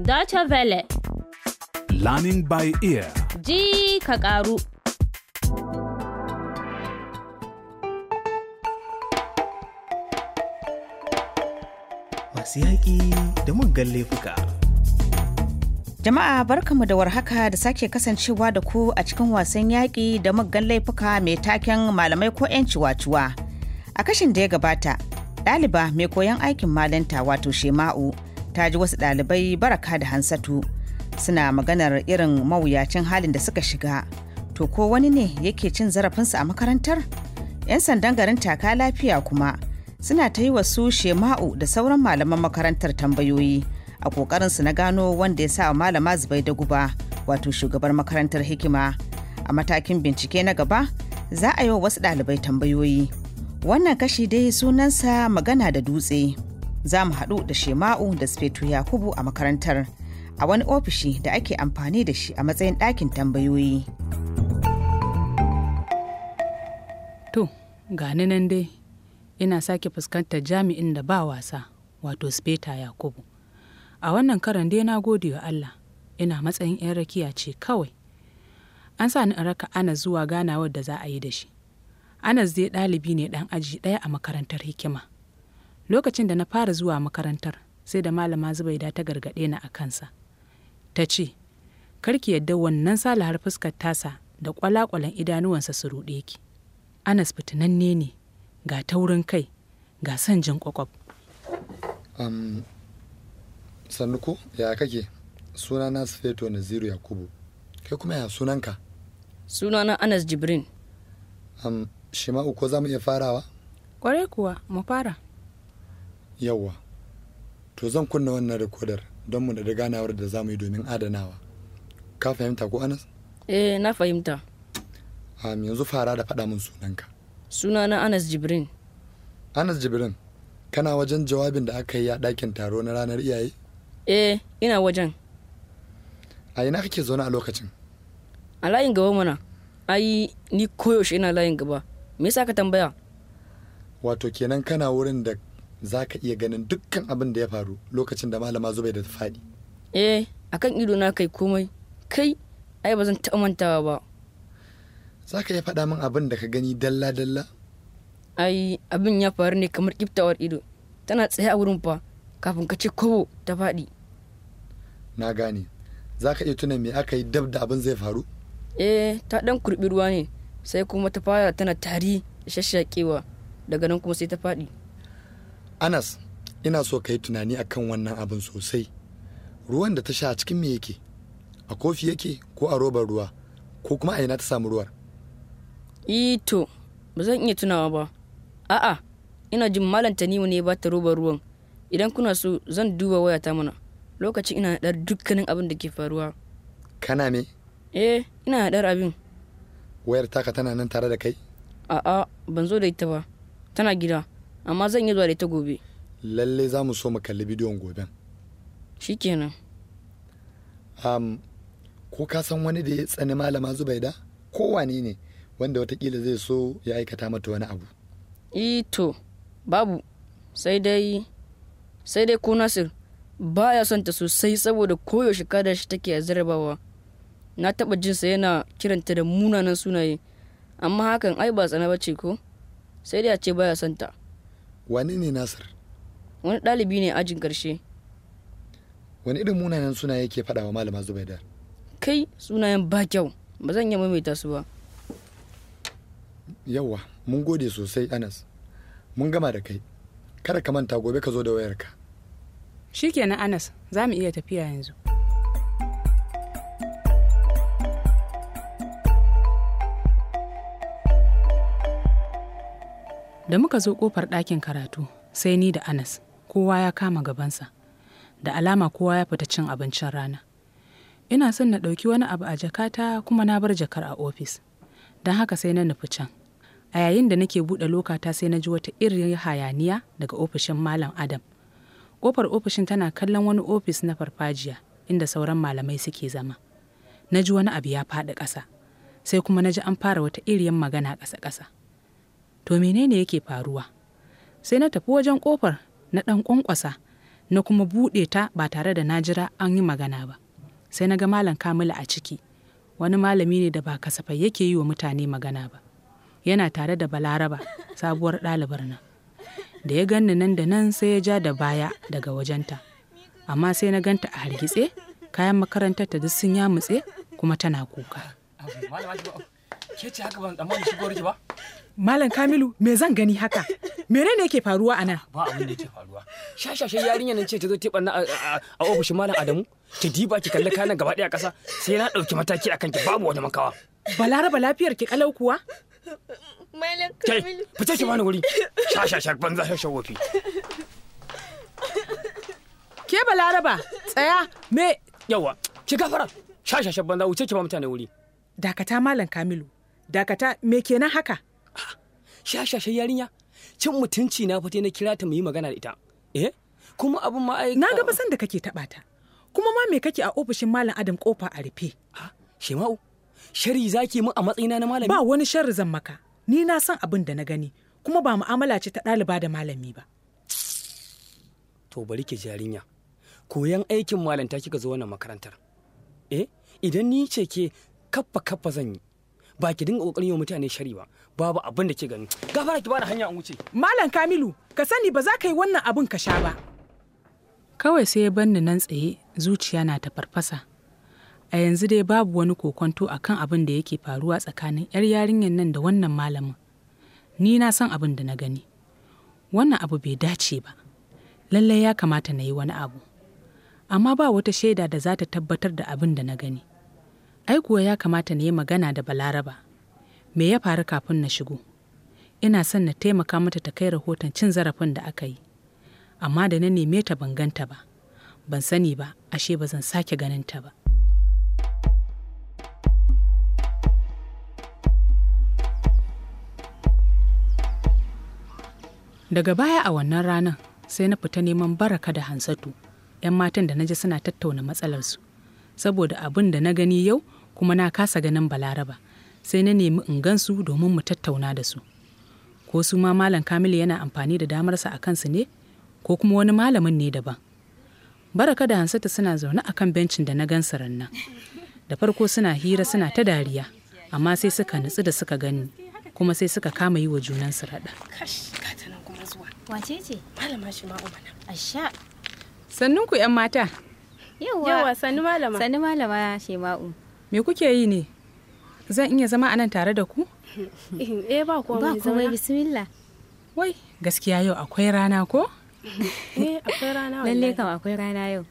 Deutsche Welle. Learning by ear. Ji ka karu. Masu yaƙi da muggan laifuka. Jama'a barkamu da warhaka da sake kasancewa da ku a cikin wasan yaƙi da muggan laifuka mai taken malamai ko 'yan ciwa A kashin da ya gabata, ɗaliba mai koyon aikin malanta wato Shema'u. ta ji wasu ɗalibai baraka da hansatu suna maganar irin mawuyacin halin da suka shiga to ko wani ne yake cin zarafinsu a makarantar 'yan sandan garin taka lafiya kuma suna ta yi wasu shema'u da sauran malaman makarantar tambayoyi a ƙoƙarinsu na gano wanda ya sa malama zubai da guba wato shugabar makarantar hikima a matakin bincike na gaba za a yi wa wasu ɗalibai tambayoyi wannan kashi dai sunansa magana da dutse. za mu haɗu da Shema'u da Sufetu Yakubu a makarantar a wani ofishi da ake amfani da shi a matsayin ɗakin tambayoyi. To, gani nan dai ina sake fuskantar jami'in da ba wasa wato Speta Yakubu. A wannan karan dai na gode wa Allah ina matsayin 'yan rakiya ce kawai. An sa ni in raka Anas zuwa ganawar da za a yi da shi. Anas dai ɗalibi ne ɗan aji ɗaya a makarantar hikima. lokacin da na fara zuwa makarantar sai da malama zubaida ta gargaɗe ni a kansa ta ce karki yadda wannan salahar fuskar tasa da kwalakwalan idanuwansa su ruɗe ki anas fitinanne ne ga taurin kai ga son jin kwakwab um, sannuko ya kake suna na sufeto naziru yakubu kai kuma ya sunanka na anas jibrin um, shima'u ko za mu iya farawa kwarai kuwa mu fara Yawwa, to zan kunna wannan rikodar don mu da ganawar da za mu yi domin adanawa. Ka fahimta ko Anas? Eh, na fahimta. Um, yanzu fara da faɗa min sunanka. Sunana Anas Jibrin. Anas Jibrin, kana wajen jawabin da aka yi a ɗakin taro na ranar iyaye? Eh, ina wajen. A ina kake zaune a lokacin? A layin gaba mana. Ai, ni koyaushe ina layin gaba. Me yasa ka tambaya? Wato kenan kana wurin da za ka iya ganin dukkan abin da ya faru lokacin da malama zubai da ta faɗi. Eh, a kan ido na kai komai. Kai, ai ba zan taɓa mantawa ba. Za ka iya faɗa min abin da ka gani dalla-dalla? Ai, abin ya faru ne kamar kiftawar ido. Tana tsaye a wurin fa, kafin ka ce kobo ta faɗi. Na gane. Za ka iya tuna me aka yi dab da abin zai faru? Eh, ta ɗan kurɓi ruwa ne, sai kuma ta fara tana tari da shashakewa, daga nan kuma sai ta faɗi. anas ina so ka yi tunani a kan wannan abin sosai ruwan da ta sha a cikin me yake a kofi yake ko a robar ruwa ko kuma a ina ta samu ruwar ito e ba zan iya tunawa ba a'a ina jin malam tanimu ne ba ta robar ruwan idan kuna so zan duba wayata mana lokacin ina haɗar dukkanin abin da ke faruwa kana me eh ina haɗar abin wayar taka tana nan tare da kai a'a ban zo da ita ba tana gida amma zan yi zuwa da ita gobe lalle za mu so mu kalli bidiyon goben shikenan um, ko ka san wani da ya tsani malama zubaida ko wane ne wanda watakila zai so ya aikata mata wani abu e, to babu sai dai sai dai ko nasir ba ya son ta sosai saboda koyaushe kada shi take a na taba jinsa yana kiranta da munanan sunaye amma hakan ai ba tsana ba ce ko sai dai a ce ba ya son ta Wani ne nasir wani ɗalibi ne ajin ƙarshe wani irin munanan suna yake faɗa wa malama zubaida kai sunayen ba kyau ba zan iya maimaita su ba yawa mun gode sosai anas mun gama da kai kada ka manta gobe ka zo da wayarka shikenan anas za mu iya tafiya yanzu da muka zo kofar ɗakin karatu sai ni da anas kowa ya kama gabansa da alama kowa ya fita cin abincin rana ina son na ɗauki wani abu a jakata kuma na bar jakar a ofis don haka sai na nufi can a yayin da nake buɗe lokata sai na ji wata irin hayaniya daga ofishin malam adam ƙofar ofishin tana kallon wani ofis na farfajiya inda sauran malamai suke zama na ji wani abu ya faɗi ƙasa sai kuma na ji an fara wata iriyan magana ƙasa-ƙasa to menene yake faruwa sai na tafi wajen kofar na ɗan ƙwanƙwasa na kuma buɗe ta ba tare da na jira an yi magana ba sai na ga malam kamila a ciki wani malami ne da ba kasafai yake yi wa mutane magana ba yana tare da balaraba sabuwar ɗalibar nan da ya ganni nan da nan sai ya ja da baya daga wajenta amma sai na ganta a hargitse kayan makarantar ta duk sun yamutse kuma tana kuka Malam Kamilu me zan gani haka? Menene yake faruwa a nan? Ba abin da yake faruwa. Shashashe yarinya nan ce ta zo tiban na a ofishin Malam Adamu, ki diba ki kalli kana gaba daya kasa sai na dauki mataki akan ki babu wani makawa. Balaraba lafiyar ki kalau kuwa? Malam Kamilu. fita ki bani wuri. Shashashe banza shashan wofi. Ke Balaraba, tsaya me yawa. Ki gafara. Shashashe banza wuce ki ba mutane wuri. Dakata Malam Kamilu. Dakata me kenan haka? shashashen yarinya cin mutunci na fate na kira ta mu yi magana da ita eh kuma abin ma ai na ga san da kake taba ta kuma ma me kake a ofishin malam adam kofa a rufe ha shema'u shari zaki mu a matsayina na malami ba wani sharri zan maka ni na san abin da na gani kuma ba mu'amala ce ta ɗaliba da malami ba to bari ki jarinya koyan aikin malanta kika zo wannan makarantar eh idan ni ce ke kaffa kaffa zan yi ba ki dinga kokarin yi mutane shari ba babu abin da ke gani gafara ki bani hanya an wuce malam kamilu ka sani ba za ka yi wannan abin ka sha ba kawai sai ya banni nan tsaye zuciya na ta farfasa a yanzu dai babu wani kokonto kan abin da yake faruwa tsakanin yar yarinyar nan da wannan malamin ni na san abin da na gani wannan abu bai dace ba lallai ya kamata na yi wani abu amma ba wata shaida da za ta tabbatar da abin da na gani ai kuwa ya kamata na yi magana da balaraba me ya faru kafin na shigo ina son na taimaka mata ta kai rahoton cin zarafin da aka yi amma da na neme ta ban ganta ba ban sani ba ashe ba zan sake ganin ta ba daga baya a wannan ranar sai na fita neman baraka da hansatu 'yan matan da na ji suna tattauna matsalarsu saboda abin da na gani yau kuma na kasa ganin balaraba sai na nemi in gansu domin mu tattauna da su ko su ma malam kamilu yana amfani da damarsa a kansu ne ko kuma wani malamin ne daban baraka da hansata suna zaune a kan bencin da na gansu rannan da farko suna hira suna ta dariya amma sai suka nutsu da suka gani kuma sai suka kama yi wa junansu raɗa sannun ku 'yan mata yawa sannu malama sannu malama shema'u me kuke yi ne zan iya zama anan tare da ku? eh ba komai ba komai bismillah wai gaskiya yau akwai rana ko? eh akwai rana lalle kam akwai rana yau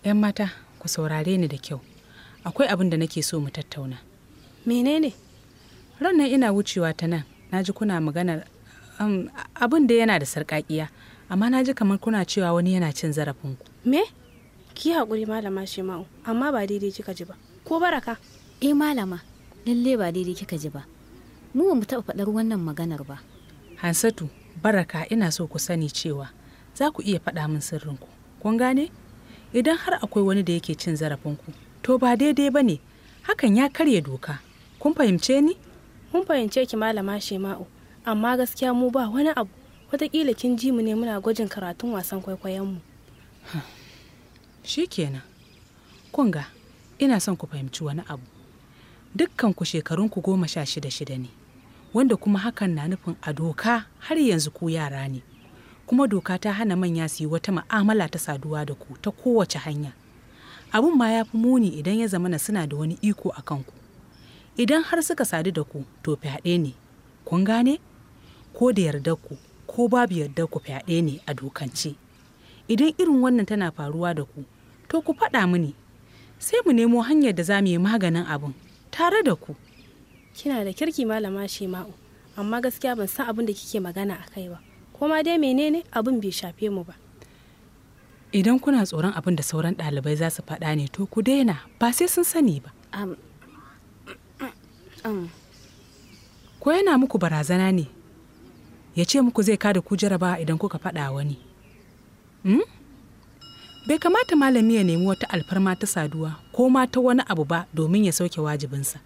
yan mata ku saurare ni da kyau akwai abin da nake so mu tattauna menene ran ina wucewa ta nan Na ji kuna magana, um, abin da yana da sarƙaƙiya amma na ji kamar kuna cewa wani yana cin zarafin ku Me? Ki haƙuri malama Shema'u, amma ba daidai kika ji ba. ko baraka eh malama lalle ba daidai kika ji ba mu ba mu taɓa faɗar wannan maganar ba hansatu baraka ina so ku sani cewa za ku iya faɗa min sirrinku kun gane idan har akwai wani da yake cin zarafinku to ba daidai ba ne hakan ya karya doka kun fahimce ni mun fahimce ki malama shema'u amma gaskiya mu ba wani abu wataƙila kin ji mu ne muna gwajin karatun wasan kwaikwayonmu shikenan kun ga ina son ku fahimci wani abu dukkan ku shekarunku goma sha shida shida ne wanda kuma hakan na nufin a doka har yanzu ku yara ne kuma doka ta hana manya su yi wata ma'amala ta saduwa da ku ta kowace hanya abun ma ya fi muni idan ya zamana suna da wani iko a kanku idan har suka sadu da ku to fyaɗe ne kun gane ko da yarda ku ko babu yardar ku fyaɗe ne a dokance idan irin wannan tana faruwa da ku to ku faɗa mini sai mu nemo hanyar da za mu yi maganin abun tare da ku kina da kirki malama shema'u amma gaskiya ban san abin da kike magana a kai ba kuma dai menene abin bai shafe mu ba idan kuna tsoron abin da sauran ɗalibai za su faɗa ne to ku daina ba sai sun sani ba ko yana muku barazana ne ya ce muku zai kada ku jarabawa idan kuka faɗa wani hmm? bai kamata malami ya nemi wata alfarma ta saduwa ko ma ta wani abu ba domin ya sauke wajibinsa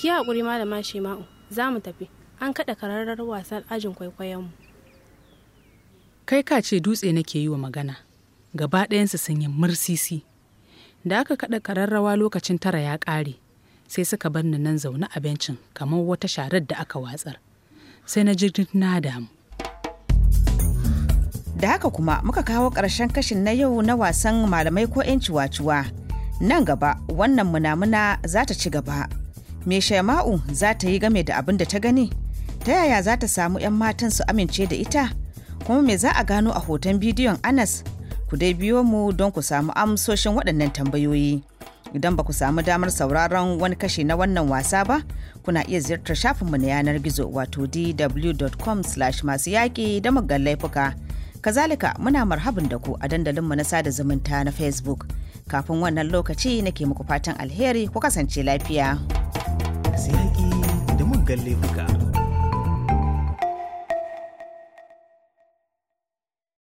ki haƙuri malama shema'u za mu tafi an kaɗa kararrar wasan ajin kwaikwayonmu kai ka ce dutse nake yi wa magana gaba ɗayansu sun yi mursisi da aka kaɗa kararrawa lokacin tara ya ƙare sai suka bar ni nan zaune a bencin kamar wata sharar da aka watsar sai na jirgin na damu Da haka kuma muka kawo ƙarshen kashin na yau na wasan malamai ko 'yan ciwa-ciwa. Nan gaba wannan munamuna za ta ci gaba. Me Shema'u za ta yi game da abin da ta gani? Ta yaya za ta samu 'yan matan su amince da ita? Kuma me za a gano a hoton bidiyon Anas? Ku dai biyo mu don ku samu amsoshin waɗannan tambayoyi. Idan ba ku samu damar sauraron wani kashi na wannan wasa ba, kuna iya ziyartar shafinmu na yanar gizo wato dw.com/masu yaƙi da muggan laifuka. Kazalika muna marhabin da ku a dandalinmu na sada zumunta na Facebook. Kafin wannan lokaci nake muku fatan alheri ku kasance lafiya. Sai da muggan laifuka.